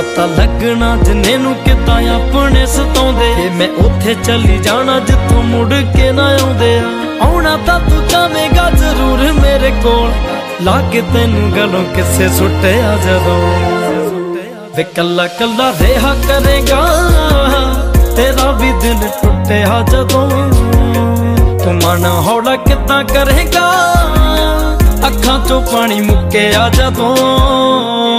ਪਤਾ ਲੱਗਣਾ ਜਿੰਨੇ ਨੂੰ ਕਿਤਾ ਆਪਣੇ ਸਤਾਉਂਦੇ ਤੇ ਮੈਂ ਉੱਥੇ ਚਲੀ ਜਾਣਾ ਜਿੱਥੋਂ ਮੁੜ ਕੇ ਨਾ ਆਉਂਦੇ ਆਉਣਾ ਤਾਂ ਤੂੰ ਚਾਹੇਗਾ ਜ਼ਰੂਰ ਮੇਰੇ ਕੋਲ ਲਾ ਕੇ ਤੈਨੂੰ ਗਲੋਂ ਕਿਸੇ ਸੁੱਟਿਆ ਜਦੋਂ ਵੇ ਕੱਲਾ ਕੱਲਾ ਰਿਹਾ ਕਰੇਗਾ ਤੇਰਾ ਵੀ ਦਿਲ ਟੁੱਟਿਆ ਜਦੋਂ ਤੂੰ ਮਨ ਹੌਲਾ ਕਿਦਾਂ ਕਰੇਗਾ ਅੱਖਾਂ ਚੋਂ ਪਾਣੀ ਮੁੱਕਿਆ ਜਦੋਂ